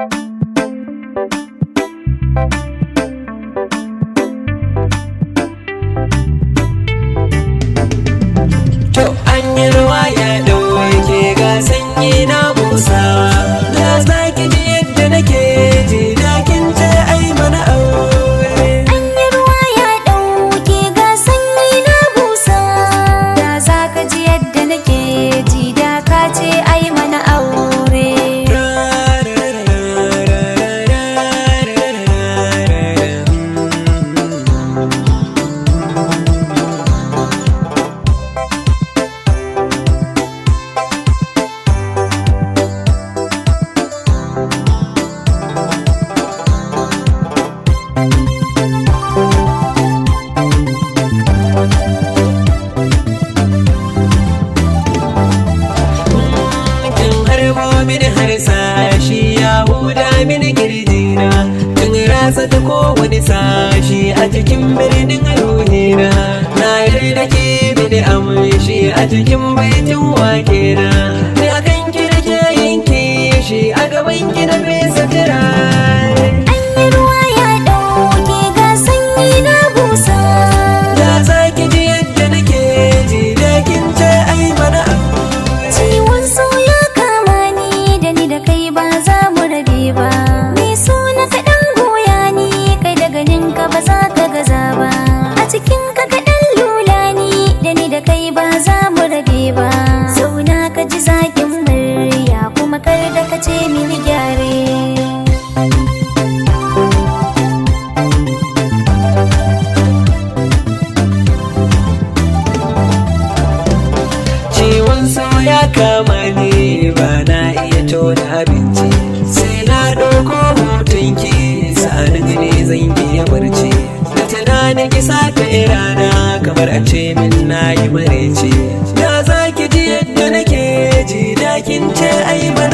Thank you. rasa ta kowane sashi a cikin birnin na yarda ke bini amshi a cikin baitin wake na ni akan kirke yin kishi a gaban ki na fesa sama ya kama ni ba na iya tona abinci sai na ɗauko hoton ki sa'anin ne zan ya barci da tunanin ki sata rana kamar a ce min na yi ce da za ki ji yadda nake ji da kin ce ai ba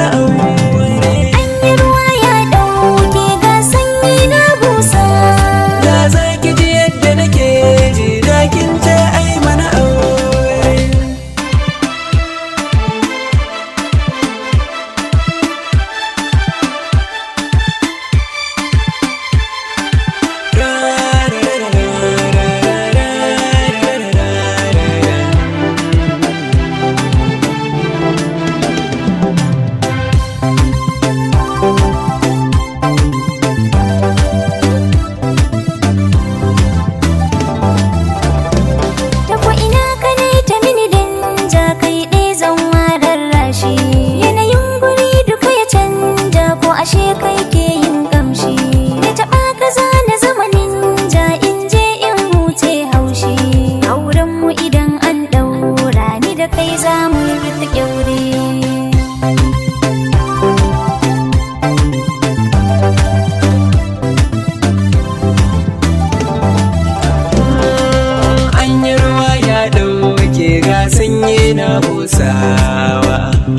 yi na busawa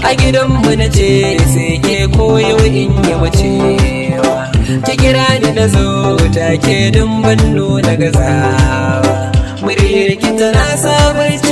a gidanmu na ce sai ke koyo in yaba cewa ki kira ni na zo take don na nuna gazawa muryar ki tana sabar